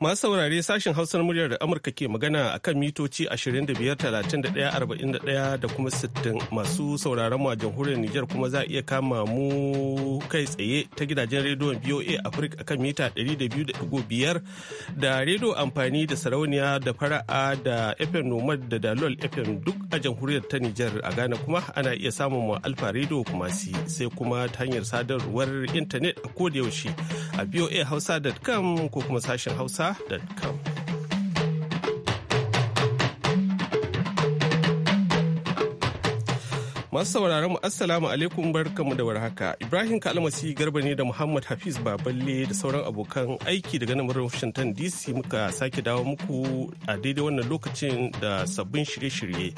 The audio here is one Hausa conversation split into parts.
Masu saurare sashen hausar muryar da Amurka ke magana a kan mitoci 25,31,41 da kuma 60 masu sauraron mu a jamhuriyar Nijar kuma za iya kama mu kai tsaye ta gidajen rediyon BOA Africa a kan mita 200.5 da rediyo amfani da sarauniya da fara'a da FM Nomad da Dalol FM duk a jamhuriyar ta Nijar a Ghana kuma ana iya samun mu Alfa rediyo kuma si sai kuma ta hanyar sadarwar intanet a yaushe a Hausa.com ko kuma sashen hausa amurka.com masu sauraron mu assalamu alaikum barkamu da warhaka ibrahim kalmasi garba ne da muhammad hafiz baballe da sauran abokan aiki daga nan washington dc muka sake dawo muku a daidai wannan lokacin da sabbin shirye-shirye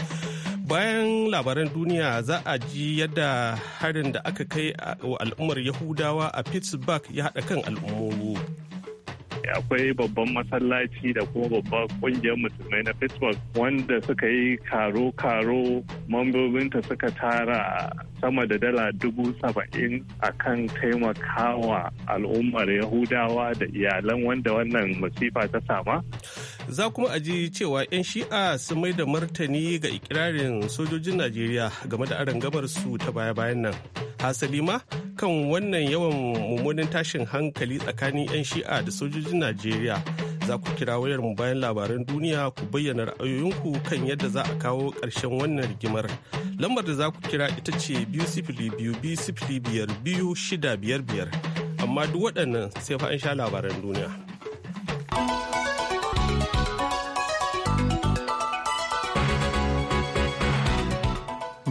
bayan labaran duniya za a ji yadda harin da aka kai wa al'ummar yahudawa a pittsburgh ya haɗa kan al'ummomi akwai babban masallaci da kuma babban kungiyar musulmai na pittsburgh wanda suka yi karo-karo mambobinta suka tara sama da dala dubu saba'in a kan taimakawa al'ummar yahudawa da iyalan wanda wannan masifa ta sama za kuma a ji cewa 'yan shi'a sun mai da martani ga ikirarin sojojin najeriya game da arangamar su ta baya-bayan nan hasali ma kan wannan yawan mummunan tashin hankali tsakanin 'yan shi'a da sojojin najeriya za ku kira wayar mu bayan labaran duniya ku bayyana ra'ayoyinku kan yadda za a kawo ƙarshen wannan rigimar lambar da za ku kira ita ce biyu sifili biyu biyu sifili biyar biyu shida biyar biyar amma duk waɗannan sai fa an sha labaran duniya.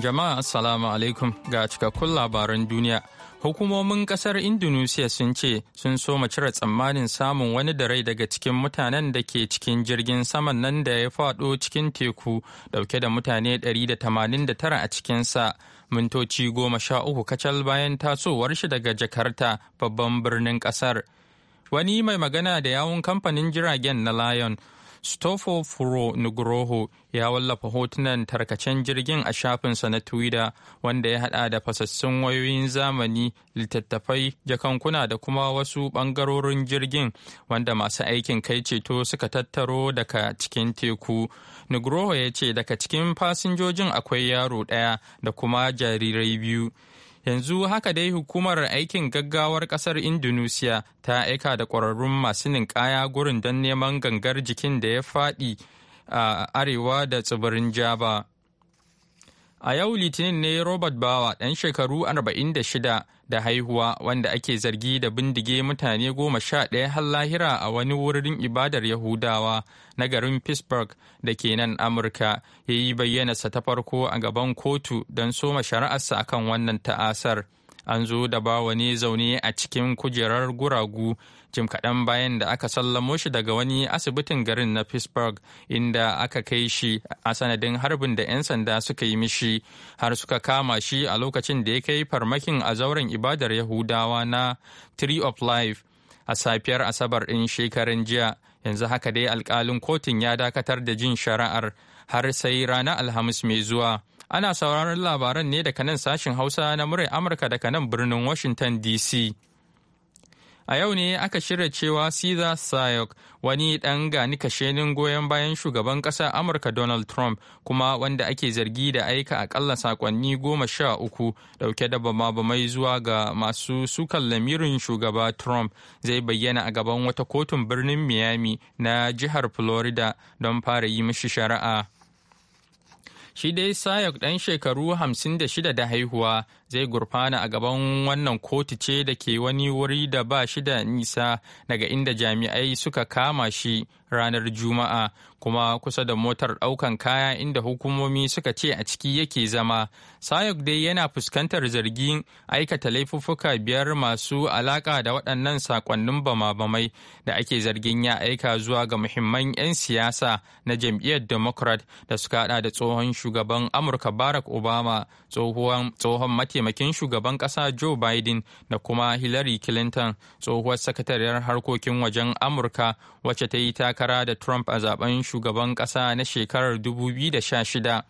Jama'a Assalamu alaikum ga cikakkun labaran duniya. Hukumomin kasar Indonesia sun ce sun soma cire tsammanin samun wani da rai daga cikin mutanen da ke cikin jirgin saman nan da ya faɗo cikin teku dauke da mutane 189 a cikinsa. Mintoci goma sha uku kacal bayan tasowar shi daga Jakarta babban birnin kasar. Wani mai magana da yawun kamfanin jiragen na Lion Stoffel Furo Nugroho ya wallafa hotunan tarkacen jirgin a shafinsa na Twitter wanda ya hada da fasassun wayoyin zamani, littattafai, jakankuna da kuma wasu bangarorin jirgin wanda masu aikin kai ceto suka tattaro daga cikin teku. Nugroho ya ce daga cikin fasinjojin akwai yaro ɗaya da kuma jarirai biyu. yanzu haka dai hukumar aikin gaggawar kasar indonesia ta aika da ƙwararrun masu ninkaya gurin don neman gangar jikin da ya faɗi a arewa da tsibirin java A yau Litinin ne Robert Bawa ɗan shekaru 46 da haihuwa wanda ake zargi da bindige mutane goma sha ɗaya har lahira a wani wurin ibadar Yahudawa na garin Pittsburgh da ke nan Amurka ya yi bayyanarsa ta farko a gaban kotu don soma shari'arsa akan wannan ta'asar. An zo da bawa ne zaune a cikin kujerar guragu jim kaɗan bayan da aka sallamo shi daga wani asibitin garin na pittsburgh inda aka kai shi a sanadin harbin da 'yan sanda suka yi mishi har suka kama shi a lokacin da ya kai farmakin a zauren ibadar yahudawa na tree of life a safiyar asabar ɗin shekaran jiya yanzu haka dai alkalin kotun ya dakatar da jin shari'ar har sai ranar alhamis mai zuwa ana sauraron labaran ne daga nan sashin hausa na murai amurka daga nan birnin washington dc A yau ne aka shirya cewa siza Sayok wani ɗan gani kashenin goyon bayan shugaban ƙasa Amurka Donald Trump kuma wanda ake zargi da aika aƙalla sakonni goma sha uku ɗauke da bama-bamai zuwa ga masu sukan lamirin shugaba Trump zai bayyana a gaban wata kotun birnin Miami na jihar Florida don fara yi mishi shari'a. shi dai sayok ɗan shekaru hamsin da shida da haihuwa zai gurfana a gaban wannan kotu ce da ke wani wuri da ba shi da nisa daga inda jami'ai suka kama shi ranar juma'a kuma kusa da motar ɗaukan kaya inda hukumomi suka ce a ciki yake zama sayok dai yana fuskantar zargin aikata laifuffuka biyar masu alaka da waɗannan sakonnin bama-bamai da ake zargin ya aika zuwa ga muhimman 'yan siyasa na jam'iyyar democrat da suka haɗa da tsohon shugaban amurka barack obama tsohon mate mataimakin shugaban ƙasa Joe Biden da kuma Hillary Clinton tsohuwar sakatariyar harkokin wajen Amurka wacce ta yi takara da Trump a zaben shugaban ƙasa na shekarar 2016.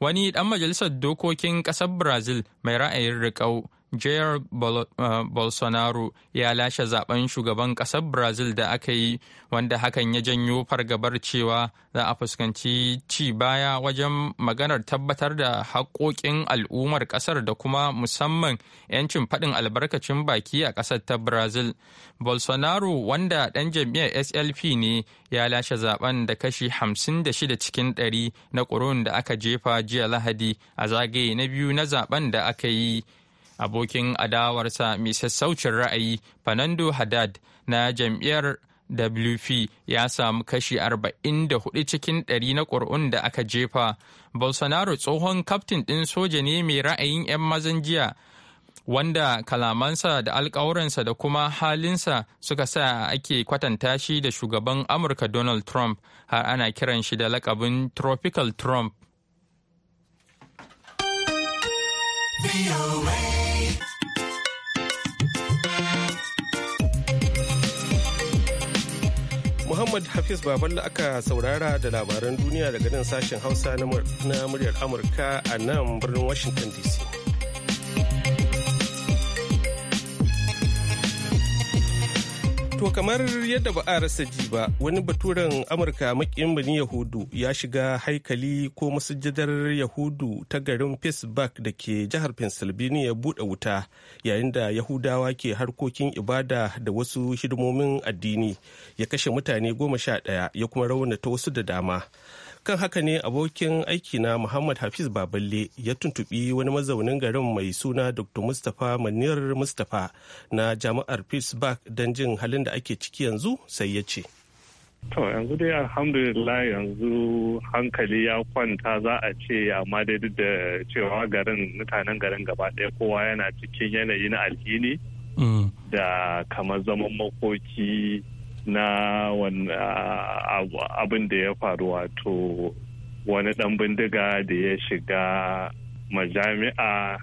Wani ɗan majalisar dokokin ƙasar Brazil mai ra'ayin riƙau Jair eh, Bolsonaro ya lashe zaben shugaban kasar Brazil da aka yi wanda hakan ya janyo fargabar cewa za a fuskanci ci baya wajen maganar tabbatar da haƙoƙin al'ummar ƙasar da kuma musamman 'yancin faɗin albarkacin baki a ƙasar ta Brazil. Bolsonaro wanda ɗan jam'iyyar SLP ne ya lashe zaben da kashi 56 cikin 100 na ƙuri'un da aka jefa jiya Lahadi a zagaye na biyu na zaben da aka yi. abokin adawarsa mai sassaucin ra'ayi fernando haddad na jam'iyyar wp ya samu kashi 44 cikin 100 na ƙuri'un da aka jefa bolsonaro tsohon kaftin ɗin soja ne mai ra'ayin 'yan mazan jiya wanda kalamansa da alkawuransa da kuma halinsa suka sa ake kwatanta shi da shugaban amurka donald trump har ana kiran shi da lakabin tropical trump. Muhammad Hafiz Baballa aka saurara da labaran duniya daga nan sashen Hausa na muryar Amurka a nan birnin Washington DC. To kamar yadda ba a rasa ji ba wani baturen Amurka makin bani Yahudu ya shiga haikali ko masujadar Yahudu ta garin Pittsburgh da ke jihar Pennsylvania ya buɗe wuta yayin da Yahudawa ke harkokin ibada da wasu hidimomin addini ya kashe mutane goma sha ɗaya ya kuma raunata wasu da dama. kan haka ne abokin na muhammad hafiz baballe ya tuntubi wani mazaunin garin mai suna dr mustapha manir mustapha na jami'ar pittsburgh don jin halin da ake ciki yanzu sai ya ce to yanzu dai alhamdulillah yanzu hankali ya kwanta za a ce amma dai duk da cewa garin mutanen garin gaba ɗaya kowa yana cikin yanayi na alhini mm. da kamar zaman makoki na abin da ya faru wato wani dan bindiga da ya shiga majami'a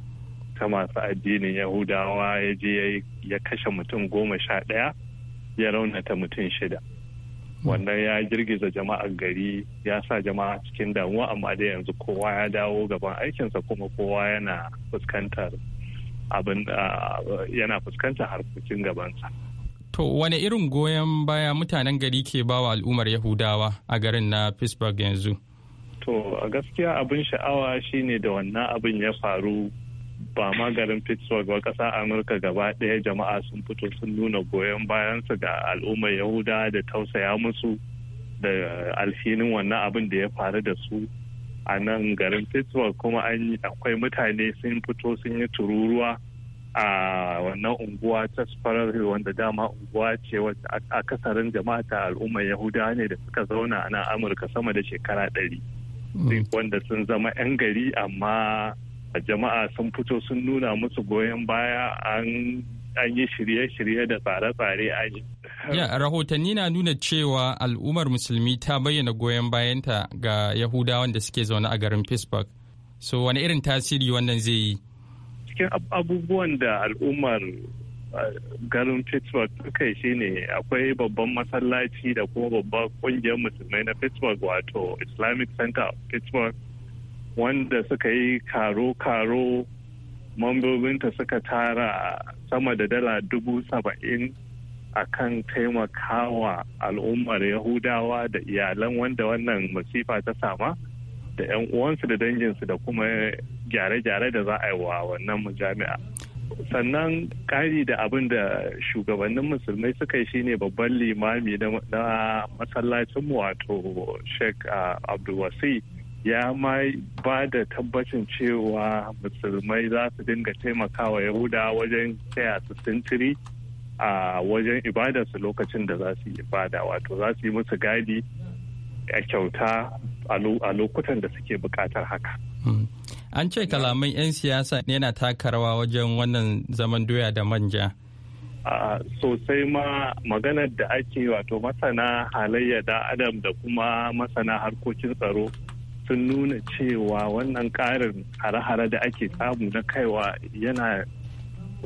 ta masu addinin yahudawa ya je ya kashe mutum goma sha ɗaya ya raunata mutum shida wannan ya girgiza jama'ar gari ya sa jama'a cikin damuwa amma da yanzu kowa ya dawo gaban aikinsa kuma kowa yana fuskantar abin yana fuskantar harkokin gabansa. To wane irin goyon baya mutanen gari ke bawa al'ummar Yahudawa a garin na Pittsburgh yanzu? To a gaskiya abin sha'awa shine da wannan abin ya faru ba ma garin Pittsburgh ba ƙasa Amurka gaba ɗaya jama'a sun fito sun nuna goyon bayansu ga al'ummar Yahudawa da tausaya musu da alhinin wannan abin da ya faru da su a nan garin Pittsburgh kuma akwai mutane sun fito sun yi tururuwa. a wannan unguwa ta Sparrow wanda dama unguwa ce wata akasarin jama'a ta al'ummar Yahuda ne da suka zauna a nan Amurka sama da shekara ɗari. Mm. Wanda sun zama 'yan gari amma jama'a sun fito sun nuna musu goyon baya an an yi shirye-shirye da tsare-tsare a yi. Ya rahotanni na nuna cewa al'ummar musulmi ta bayyana goyon bayanta ga Yahudawan da suke zaune a garin Pittsburgh. So wani irin tasiri wannan zai yi? cikin abubuwan da al'ummar eh, garin pittsburgh suka yi shine akwai babban masallaci da kuma babban kungiyar musulmai na pittsburgh wato islamic center of pittsburgh wanda suka yi karo-karo mambobinta suka tara sama da dala dubu saba'in a kan taimakawa al'ummar yahudawa da iyalan wanda wannan masifa ta sama da 'yan uwansu da danginsu da kuma gyare-gyare da za a yi wa wannan jami'a sannan ƙari da abin da shugabannin musulmai suka yi shine babban limami na masallacinmu wato sheikh uh, abdulwasi ya ma ba da tabbacin cewa musulmai za su dinga taimakawa yahuda wajen taya su sintiri a wajen ibadarsu lokacin da za su yi ibada wato za su yi musu gadi a kyauta a lokutan da suke bukatar haka hmm. an ce kalaman 'yan siyasa yana taka rawa wajen wannan zaman doya da manja sosai ma maganar da ake wato masana halayya da adam da kuma masana harkokin tsaro sun nuna cewa wannan karin hare-hare da ake samu na kaiwa yana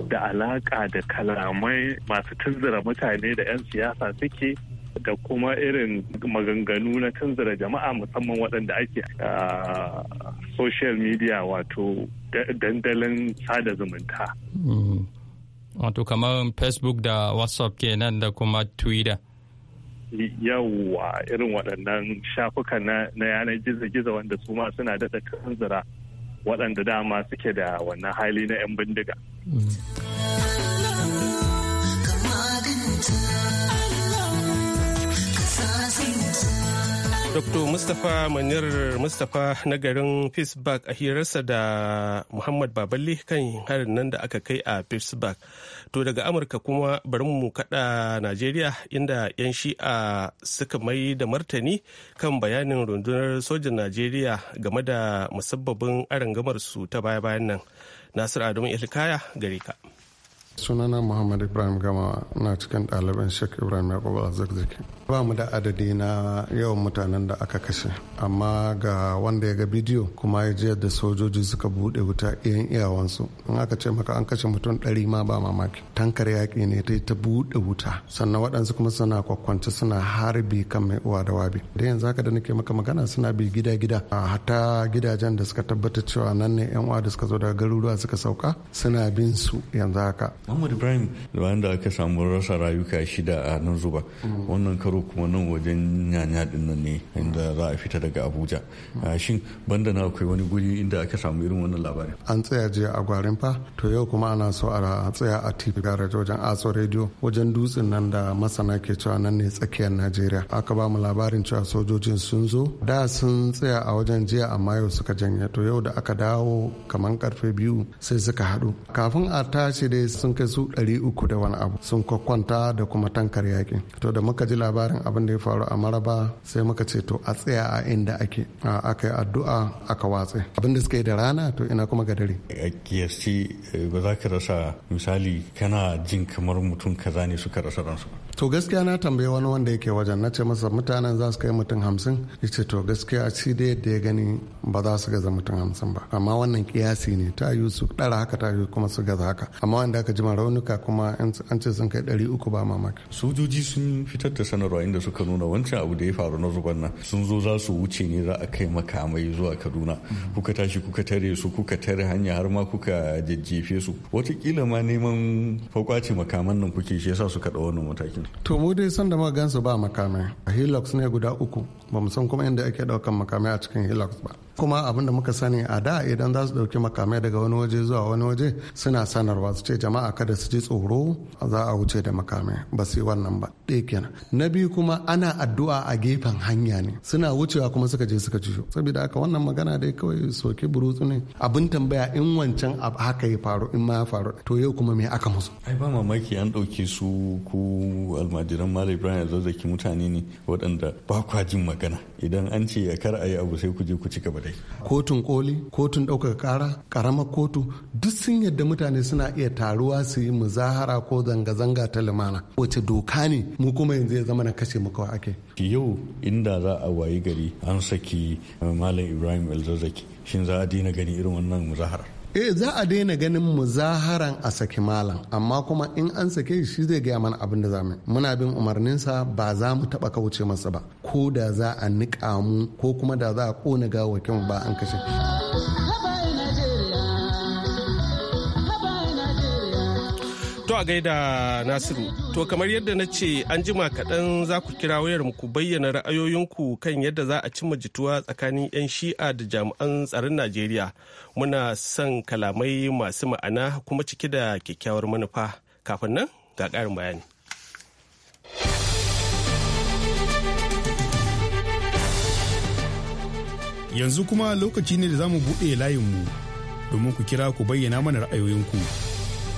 da alaka da kalamai masu tunzura mutane da 'yan siyasa suke da kuma irin maganganu na canzara jama'a musamman waɗanda ake a social media wato dandalin sada zumunta. Mm. Wato kamar Facebook da WhatsApp kenan da kuma Twitter. Yawwa irin waɗannan shafuka na yanar gizo-gizo wanda su ma suna daɗa canzara waɗanda dama suke da wannan hali na 'yan bindiga. Mm. Dr. Mustapha Manir Mustapha na garin Pittsburgh a hirarsa da Muhammad Baballe kan harin nan da aka kai a Pittsburgh. To daga Amurka kuma bari mu kada Najeriya inda 'yan shi'a suka mai da martani kan bayanin rundunar sojin Najeriya game da musabbabin arangamar su ta baya-bayan nan. Nasir Adamu Ilkaya gare ka. sunana muhammad ibrahim gama na cikin ɗaliban shek ibrahim yakubu azzakzaki ba mu da adadi na yawan mutanen da aka kashe amma ga wanda ya ga bidiyo kuma ya ji yadda sojoji suka buɗe wuta iyan iyawansu in aka ce maka an kashe mutum ɗari ma ba mamaki tankar yaƙi ne ta ta buɗe wuta sannan waɗansu kuma suna kwakwanci suna harbi kan mai uwa da wabi da yanzu haka da nake maka magana suna bi gida gida a Hata gidajen da suka tabbata cewa nan ne yan uwa da suka zo daga garuruwa suka sauka suna bin su yanzu haka Muhammad Ibrahim bayan aka samu rasa rayuka shida a nan zuba wannan karo kuma nan wajen yanya din nan ne inda za a fita daga Abuja mm. ah, shin banda na akwai wani guri inda aka samu irin wannan labarin an tsaya jiya a gwarin fa to yau kuma ana so a tsaya a TV garage wajen Aso Radio wajen dutsen nan da masana ke cewa nan ne tsakiyar Najeriya aka ba mu labarin cewa sojojin sun zo da sun tsaya a wajen jiya amma yau suka janye to yau da aka dawo kamar karfe biyu sai suka haɗu kafin a tashi dai sun kai su ɗari uku da wani abu sun kwakwanta da kuma tankar yaƙi to da muka ji labarin abin da ya faru a maraba sai muka ce to a tsaya a inda ake aka yi addu'a aka watse abin da suka yi da rana to ina kuma ga dare a kiyasci eh, ba za ka rasa misali kana jin kamar mutum kaza ne suka rasa ransu to gaskiya na tambayi wani wanda yake wajen na ce masa mutanen za su kai mutum hamsin ya ce to gaskiya shi da yadda ya gani ba za su gaza mutum hamsin ba amma wannan kiyasi ne ta yi su ɗara haka ta yi kuma su gaza haka amma wanda aka jima raunuka kuma an ce sun kai ɗari uku ba mamaki. sojoji sun fitar da sanarwa inda suka nuna wancan abu da ya faru na zuban nan sun zo za su wuce ne za a kai makamai zuwa kaduna kuka tashi kuka tare su kuka tare hanya har ma kuka jajjefe su watakila ma neman fakwace makaman nan kuke shi yasa suka ɗau wannan matakin. to mu dai san da muka gansu ba makamai a hillocks ne guda uku ba mu san kuma inda ake daukan makamai a cikin hillocks ba kuma abin da muka sani a da idan za su ɗauki makamai daga wani waje zuwa wani waje suna sanarwa su ce jama'a kada su ji tsoro za a wuce da makamai ba su yi wannan ba ɗaya na biyu kuma ana addu'a a gefen hanya ne suna wucewa kuma suka je suka ciyo saboda haka wannan magana dai kawai soke burutsu ne abin tambaya in wancan haka ya faru in ma ya faru to yau kuma me aka musu ai ba mamaki an ɗauke su ku almajiran malam ibrahim zazzaki mutane ne waɗanda ba kwa jin magana idan an ce ya kar a yi abu sai ku je ku ci gaba dai kotun koli kotun ɗaukaka ƙara ƙaramar kotu duk sun yadda mutane suna iya taruwa su yi muzahara ko zanga-zanga ta limana wace doka ne mu kuma yanzu ya zama na kashe mu kawai ake yau inda za a wayi gari an saki malam ibrahim elzazaki shin za a dina gani irin wannan muzaharar eh za a daina ganin muzaharan a saki malam amma kuma in an sake shi zai gaya mana abin da za mu muna bin umarninsa ba za mu taba kauce masa ba ko da za a niƙa mu ko kuma da za a ƙona gawakin ba an kashe a gaida Nasiru. To kamar yadda na ce an jima kaɗan za ku kira wayar ku bayyana ra'ayoyinku kan yadda za a cimma jituwa tsakanin 'yan shi'a da jami'an tsaron Najeriya. Muna son kalamai masu ma'ana kuma cike da kyakkyawar manufa. Kafin nan ga ƙarin bayani. Yanzu kuma lokaci ne da za mu buɗe layinmu domin ku kira ku bayyana mana ra'ayoyinku.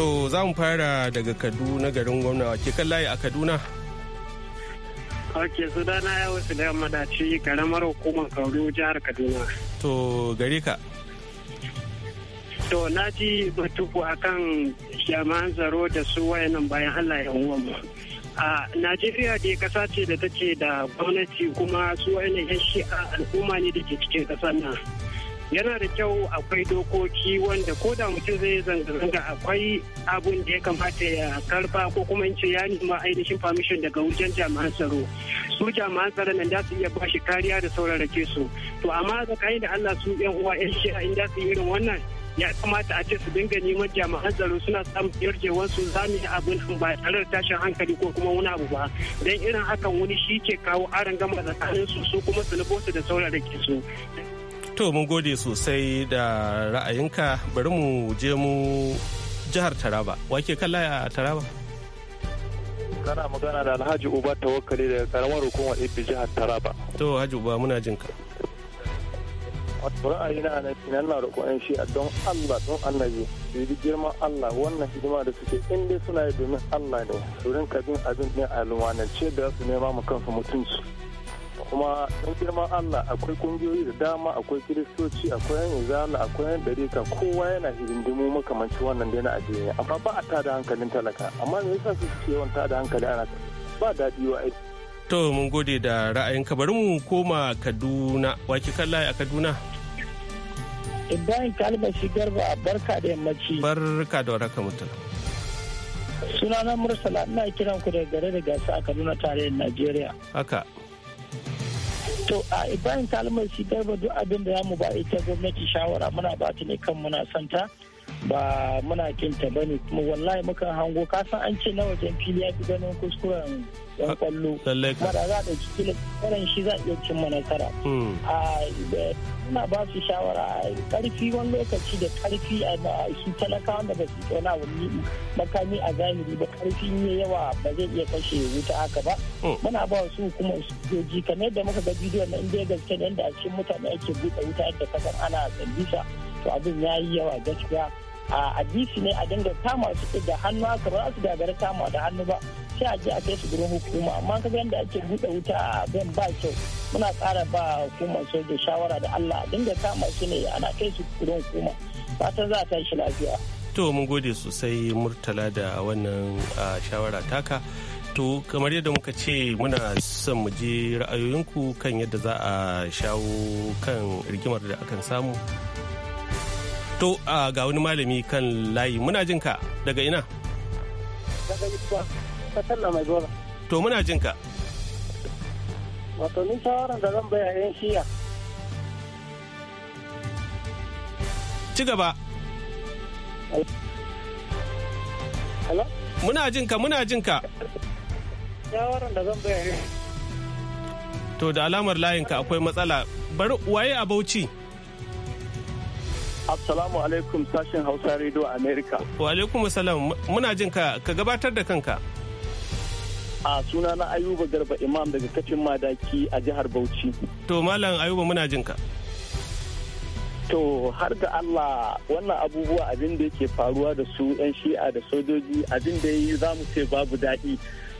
To za mu fara daga Kaduna garin gwamna ke kan layi a Kaduna. su dana ya wasu da madaci karamar hukumar Kauru jihar Kaduna. To gare ka. To na ji batuku akan shaman zaro da su nan bayan Allah ya mu. a najeriya dai kasa ce da take da gwamnati kuma su wani yan shi'a al'umma ne da ke cikin kasar nan yana da kyau akwai dokoki wanda ko da mutum zai zanga-zanga akwai abun da ya kamata ya karba ko kuma in ce ya nima ainihin permission daga wajen jami'an tsaro su jami'an tsaron nan za su iya ba shi kariya da saurarake su to amma tsakani da Allah su yan uwa yan shi'a in su irin wannan ya kamata a ce su dinga neman jami'an tsaro suna samun yarjewar su za mu yi abin ba tare tashin hankali ko kuma wani abu ba dan irin hakan wani shi ke kawo aron gama tsakanin su su kuma su da saurarake su To mun gode sosai da ra'ayinka bari mu je mu jihar Taraba. Wake kalla a Taraba? Kana magana da Alhaji Uba ta wakali daga karamar hukumar Ibi jihar Taraba. To Haji Uba muna jin ka. Wato ra'ayina na kinan na roƙon shi don Allah don annabi su yi girman Allah wannan hidima da suke in suna yi domin Allah ne su rinka bin abin ne a lumanance da su nema mu kansu mutunci. kuma don girman Allah akwai kungiyoyi da dama akwai kiristoci akwai yan izala akwai yan ɗarika kowa yana hirindimu makamanci wannan da na ajiye amma ba a tada hankalin talaka amma me yasa su suke yawan tada hankali ana ba daɗi wa aiki. To mun gode da ra'ayinka bari mu koma Kaduna wake kalla a Kaduna. Ibrahim Kalma shi garba barka da yammaci. Barka da waraka mutum. Sunana Mursala ina kiran ku daga gare da gasa a Kaduna tarayyar Najeriya. Haka. to a ibrahim kalmar shi garba duk abin da mu ba ita gwamnati shawara muna ba ta ne kan muna santa ba muna kinta ba ne kuma wallahi muka hango kasan an ce na wajen fili ya fi ganin kuskuren yan kwallo mara da za a ɗauki kilin shi za a iya cimma nasara hmm. ina ba su shawara karfi wani lokaci da karfi a su talakawan da ba su tsona wani makami a zahiri ba karfi ne yawa ba zai iya kashe wuta haka ba hmm. muna ba su hukumar sojoji kamar yadda muka ga bidiyo na inda gaske yadda a cikin mutane ake buɗe wuta yadda kasan ana sandisa to abin ya yi yawa gaskiya a bisi ne a dinga kama su da hannu haka ba su gagara kama da hannu ba sai a je a kai su gurin hukuma amma kaga yadda ake buɗe wuta a ben ba kyau muna ƙara ba hukumar soja shawara da Allah a dinga kama su ne ana kai su gurin hukuma fatan za ta shi lafiya. To mun gode sosai Murtala da wannan shawara taka. To kamar yadda muka ce muna son mu ji ra'ayoyinku kan yadda za a shawo kan rigimar da akan samu To ga wani malami kan layi muna jin ka daga ina? Daga Yusuf, ta na mai gora. To muna jin ka. Wato ni shawaran da zan baya yan shiya. Ci gaba. Hello? Muna jin ka muna jin ka. Shawaran da zan baya To da alamar layinka akwai matsala. Bari waye a Bauchi? Assalamu alaikum sashen Hausa Radio America. Wa alaikum salam muna jin ka ka gabatar da kanka. A suna na Ayuba Garba Imam daga kafin madaki a jihar Bauchi. To Malam Ayuba muna jin ka. To har da Allah wannan abubuwa abin da yake faruwa da su 'yan shi'a da sojoji abin da yi za mu ce babu daɗi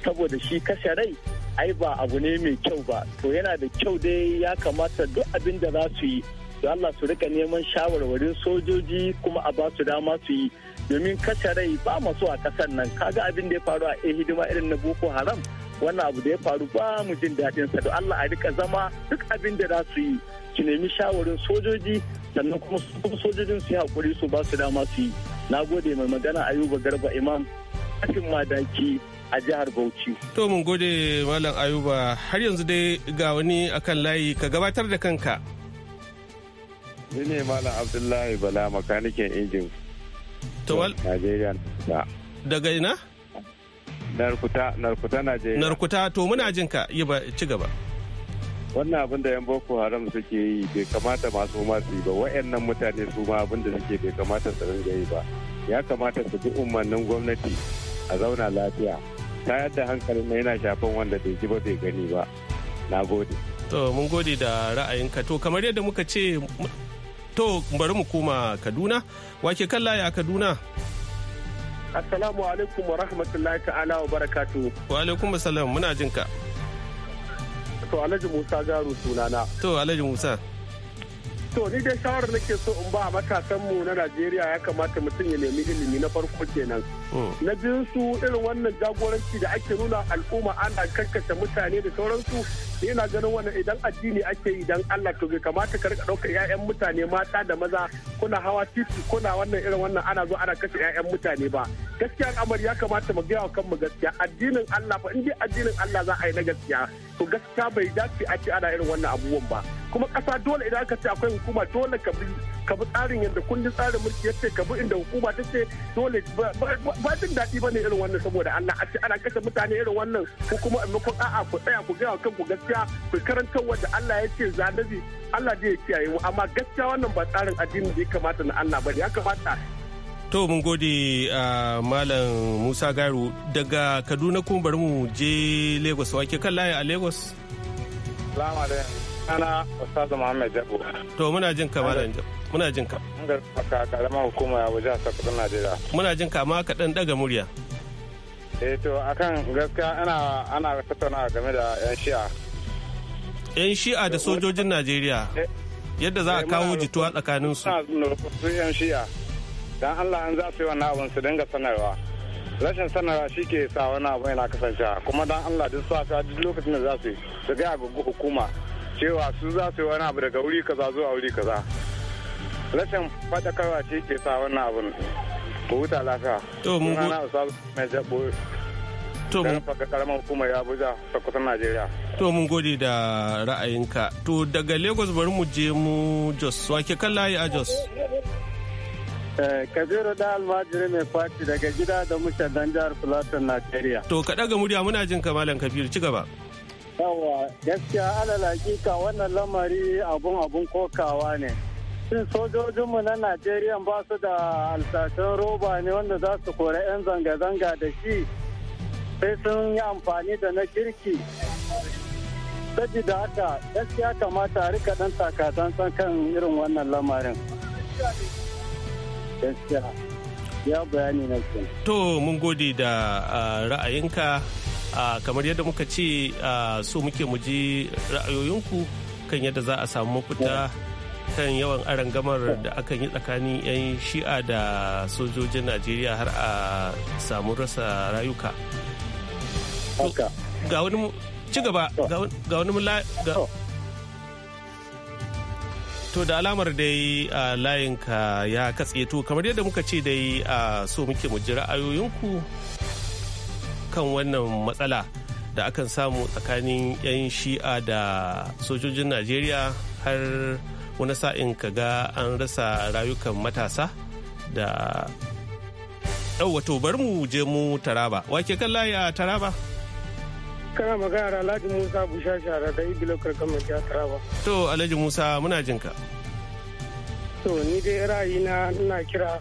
saboda shi kashe rai ai ba abu ne mai kyau ba to yana da kyau dai ya kamata duk abin da za su yi da Allah su rika neman shawarwarin sojoji kuma a ba su dama su yi domin kashe rai ba masu a kasar nan kaga abin da ya faru a eh hidima irin na boko haram wannan abu da ya faru ba mu jin daɗin sa da Allah a rika zama duk abin da za su yi su nemi shawarin sojoji sannan kuma sojojin su yi hakuri su ba su dama su yi na gode mai magana ayuba garba imam kafin madaki a jihar Bauchi. To mun gode Malam Ayuba har yanzu dai ga wani akan layi ka gabatar da kanka. Ni ne Malam Abdullahi Bala makanikin injin. Tawal? Najeriya. Daga ina? Narkuta, Narkuta Najeriya. Narkuta, to muna jin ka yi ba ci gaba. Wannan abin da 'yan Boko Haram suke yi bai kamata masu masu yi ba, nan mutane su ma abin da suke bai kamata su ringa yi ba. Ya kamata su bi umarnin gwamnati a zauna lafiya. yadda hankali hankalin yana shafan wanda bai ji ba bai gani ba. Na gode. To mun gode da ra'ayinka. To kamar yadda muka ce To bari mu koma Kaduna. Wake kan layi a Kaduna? Assalamu alaikum wa rahmatullahi ta'ala wa barakatu. Wa alaikum assalam muna jinka. To Alhaji Musa Garu sunana. To Alhaji Musa. To ni dai shawarar nake so in ba matasan mu na Najeriya ya kamata mutum ya nemi ilimi na farko kenan. Hmm. Na jin su irin wannan jagoranci da ake nuna al'umma ana karkashe mutane da sauransu yana ganin wannan idan addini ake yi dan Allah to bai kamata ka rika daukar 'ya'yan mutane mata da maza kuna hawa titi kuna wannan irin wannan ana zo ana kashe 'ya'yan mutane ba. Gaskiya amari ya kamata mu gaya wa kanmu gaskiya addinin Allah fa in addinin Allah za a yi na gaskiya to gaskiya bai dace a ce ana irin wannan abubuwan ba. kuma kasa dole idan aka ce akwai hukuma dole ka bi ka bi tsarin yadda kundin tsarin mulki ya ce ka bi inda hukuma ta ce dole ba jin daɗi ba ne irin wannan saboda Allah a ce ana kashe mutane irin wannan ko kuma a maimakon a'a ku tsaya ku gaya kanku gaskiya ku karanta wanda Allah ya ce zanabi Allah zai kiyaye mu amma gaskiya wannan ba tsarin addini da ya kamata na Allah ba ne ya kamata To mun gode a ah, Malam Musa Garu daga Kaduna kuma bari mu je Lagos wake kan layi a Lagos. Salamu Ana Ustazu Muhammad Jabo. To muna jin ka malam Jabo. Muna jin ka. Mun ga ka karamar hukuma a wajen Sokoto Najeriya. Muna jin ka amma ka dan daga murya. Eh to akan gaskiya ana ana tattauna game da yan shi'a. Yan shi'a da sojojin Najeriya. Eh. Yadda za a eh, kawo jituwa tsakanin su. yan shi'a. Dan Allah an za su yi wani abin su dinga sanarwa. rashin sanarwa shi ke sa wani abu yana kasancewa kuma dan Allah duk sa duk lokacin da za su yi su ga hukuma cewa su za su yi wani abu daga wuri kaza zuwa wuri kaza rashin faɗakarwa ce ke sa wannan abin ku huta lafiya to mun mai jabo to mun faka karamar hukumar ya abuja sakwatan najeriya to mun gode da ra'ayinka to daga lagos bari mu je mu jos wake kan layi a jos eh, kabiru da almajiri mai fati daga gida da mushe dan jihar plateau Najeriya. to ka daga murya muna jin kamalan kabiru ci gaba yawa gaskiya alalakika wannan lamari abun abun kokawa ne shin sojojinmu na najeriya ba su da alsashen roba ne wanda za su kora 'yan zanga-zanga da shi sai sun yi amfani da na kirki da haka gaskiya kamata rika dan takatansan kan irin wannan lamarin gaskiya ya bayani na to mun gode da ah, ra'ayinka Ah, kamar yadda muka ce ah, so muke mu ra'ayoyinku kan yadda za a samu mafita kan yawan arangamar da aka yi tsakanin 'yan shi'a da sojojin najeriya har a samu rasa rayuka ga wani ci gaba ga wani to da alamar dai a ah, layinka ya katse to kamar yadda muka ce dai a so muke mu ji ra'ayoyinku kan wannan matsala da akan samu tsakanin 'yan shi'a da sojojin najeriya har wani sa'in ka ga an rasa rayukan matasa da wato bar mu je mu taraba wake kan layi a taraba kana magana da alhaji musa bushashara da ibilo karkamar ya taraba to alhaji musa muna jinka to ni dai na, ina kira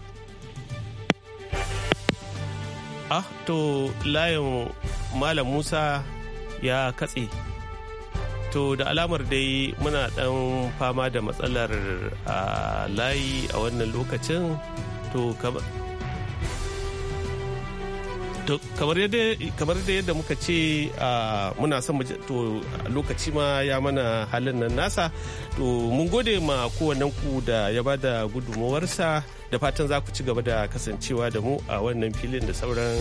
ah to layin malam musa ya katse to da alamar dai muna dan fama da matsalar ah, layi a wannan lokacin to kamar da yadda muka ce muna son to lokaci ma ya mana halin nan nasa to mun gode ma kowannen ku da ya bada gudunmawarsa da fatan za ku ci gaba da kasancewa da mu a wannan filin da sauran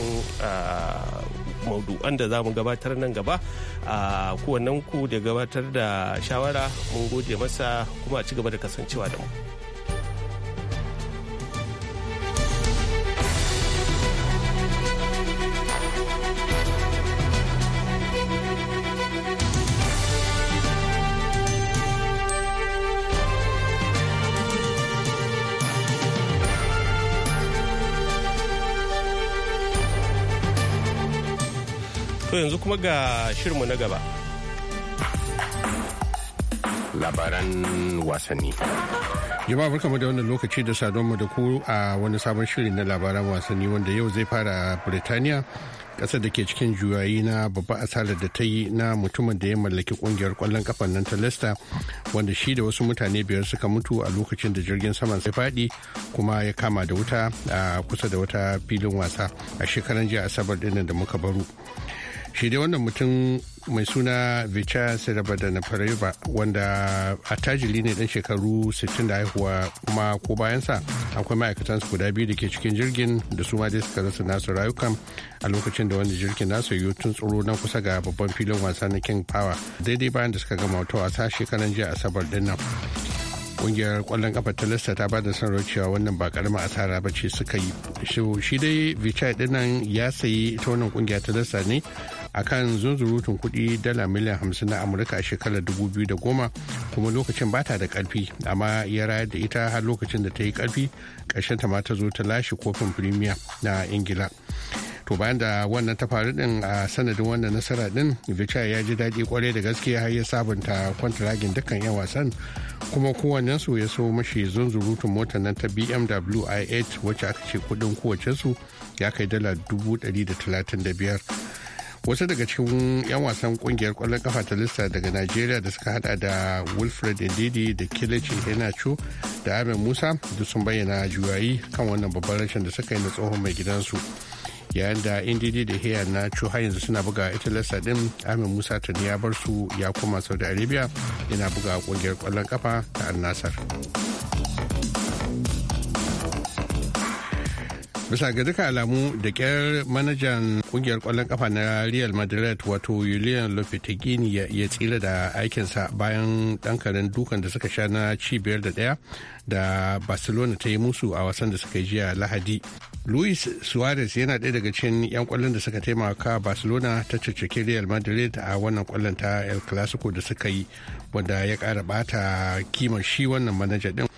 maudu'an da za mu gabatar nan gaba a kowannen ku da gabatar da shawara mun gode masa kuma a ci gaba da kasancewa da mu. yanzu kuma ga shirmu na gaba. Labaran wasanni. Jama'a barkamu da wannan lokaci da sadonmu da ku a wani sabon shirin na labaran wasanni wanda yau zai fara Birtaniya kasar da ke cikin juyayi na babba asarar da ta yi na mutumin da ya mallaki kungiyar kwallon kafan nan ta Leicester wanda shi da wasu mutane biyar suka mutu a lokacin da jirgin saman sai faɗi kuma ya kama da wuta a kusa da wata filin wasa a shekaran jiya asabar dinnan da muka baro. shi dai wannan mutum mai suna vicha na fareba wanda a tajili ne dan shekaru 60 da haihuwa kuma ko bayansa akwai ma'aikatan su guda biyu da ke cikin jirgin da su ma dai suka rasa nasu rayukan a lokacin da wanda jirgin nasu yi tun tsoro nan kusa ga babban filin wasa na king power daidai bayan da suka gama wata wasa shekaran jiya asabar nan ƙungiyar kwallon kafa ta lista ta bada sanarwar cewa wannan ba karamin asara ba ce suka yi shi dai vichai dinnan ya sayi ta wannan ƙungiyar ta lista ne a kan zunzurutun kudi dala miliyan hamsin na amurka a shekarar 2010 kuma lokacin bata da karfi amma ya raya da ita har lokacin da ta yi karfi karshen ta ma ta zo ta lashe kofin premier na ingila to bayan da wannan ta faru din a sanadin wannan nasara din vichar ya ji daɗi kwarai da gaske har ya sabunta kwantaragin dukkan 'yan wasan kuma kowannensu ya so mashi zunzurutun mota nan ta bmw i8 wacce aka ce kudin kowace su ya kai dala 135 wasu daga cikin 'yan wasan kungiyar kwallon kafa ta lissa daga nigeria da suka hada da wilfred ndidi da kilichi enacho da ahmed musa duk sun bayyana juyayi kan wannan babban rashin da suka yi na tsohon mai gidansu yayin da ndidi da heya na har yanzu suna buga ita lissa din ahmed musa tuni ya bar su ya koma saudi arabia yana buga kungiyar kwallon kafa ta al bisa ga duka alamu da kyar manajan kungiyar kwallon kafa na real madrid wato julian lopetegin ya tsira da aikinsa bayan dankarin dukan da suka sha na cibiyar da daya da barcelona ta yi musu a wasan da suka jiya lahadi luis suarez yana ɗaya daga cikin 'yan kwallon da suka taimaka barcelona ta caccaki real madrid a wannan kwallon ta el clasico da suka yi wanda ya ƙara bata kimar shi wannan manajan din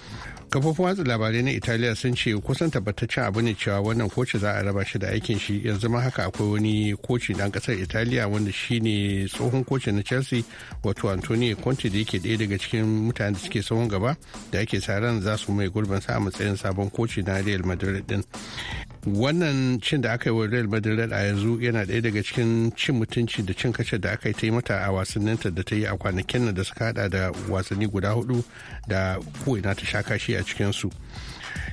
kafofin watsa labarai na italiya sun ce kusan tabbataccen abu ne cewa wannan koci za a raba shi da aikin shi yanzu ma haka akwai wani koci dan kasar italiya wanda shine tsohon koci na chelsea wato antonio conte da yake ɗaya daga cikin mutanen da suke tsohon gaba da ake sa ran za su mai gurbin sa a matsayin sabon koci na real madrid din wannan cin da aka yi wa real madrid a yanzu yana ɗaya daga cikin cin mutunci da cin kashe da aka yi ta yi mata a wasanninta da ta yi a kwanakin nan da suka hada da wasanni guda hudu da ina ta sha kashi a cikinsu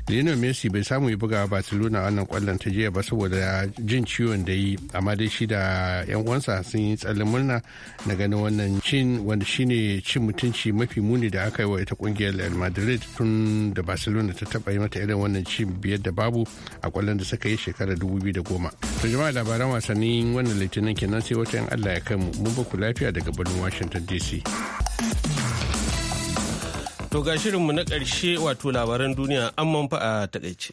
lionel messi bai samu ya buga barcelona wannan kwallon ta jiya ba saboda jin ciwon da yi amma dai shi da yan uwansa sun yi tsallin murna na ganin wannan cin wanda shine cin mutunci mafi muni da aka yi wa ita kungiyar real madrid tun da barcelona ta taba yi mata irin wannan cin biyar da babu a kwallon da suka yi shekarar 2010 to jama'a labaran wasannin wannan litinin kenan sai wata yan allah ya kai mu mun ba ku lafiya daga birnin washington dc To ga shirinmu na ƙarshe wato labaran duniya an manfa a taƙaice.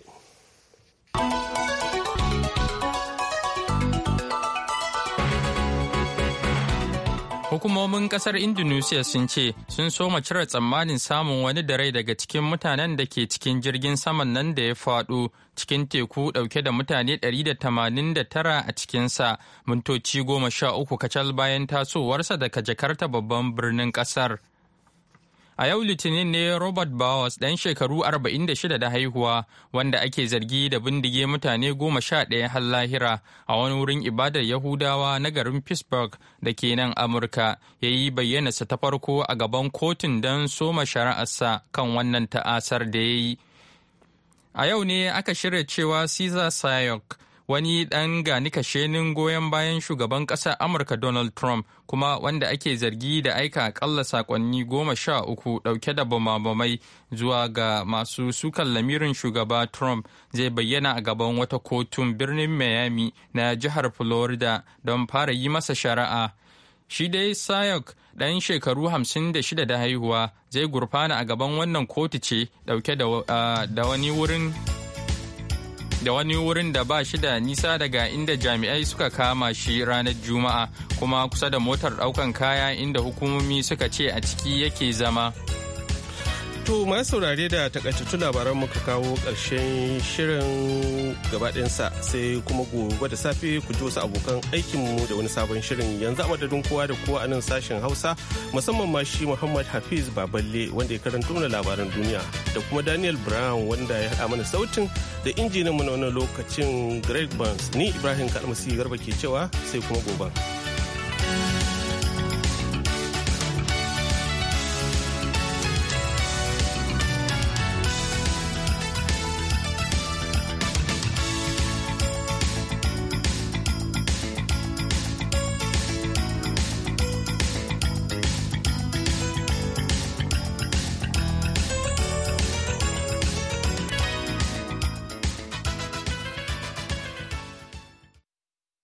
Hukumomin ƙasar Indonesia sun ce sun soma cire tsammanin samun wani da rai daga cikin mutanen da ke cikin jirgin saman nan da ya faɗo cikin teku ɗauke da mutane 189 a cikinsa mintoci uku kacal bayan tasowarsa daga Jakarta babban birnin ƙasar. A yau Litinin ne Robert Bowers ɗan shekaru 46 da haihuwa wanda ake zargi da bindige mutane goma sha ɗaya har lahira a wani wurin ibadar Yahudawa na garin Pittsburgh da ke nan Amurka ya yi bayyanarsa ta farko a gaban kotun don soma shari'arsa kan wannan ta'asar da ya yi. A yau ne aka shirya cewa Caesar Sayok wani ɗan gani kashenin goyon bayan shugaban ƙasar amurka donald trump kuma wanda ake zargi da aika akalla sakonni goma sha uku ɗauke da bamabamai zuwa ga masu sukan lamirin shugaba trump zai bayyana a gaban wata kotun birnin miami na jihar florida don fara yi masa shari'a shi dai sayok ɗan shekaru hamsin da shida da haihuwa zai gurfana a gaban wannan kotu ce ɗauke da wani wurin da wani wurin da ba shi da nisa daga inda jami'ai suka kama shi ranar juma'a kuma kusa da motar daukan kaya inda hukumomi suka ce a ciki yake zama. To masu saurare da takaitattun labaran muka kawo ƙarshen shirin gabaɗinsa sai kuma gobe da safe ku ji wasu abokan aikinmu da wani sabon shirin yanzu a madadin kowa da kowa a nan sashen Hausa musamman ma shi Muhammad Hafiz Baballe wanda ya karanta mana labaran duniya da kuma Daniel Brown wanda ya haɗa mana sautin da injinin mu na wannan lokacin Greg Burns ni Ibrahim Kalmasi Garba ke cewa sai kuma gobe.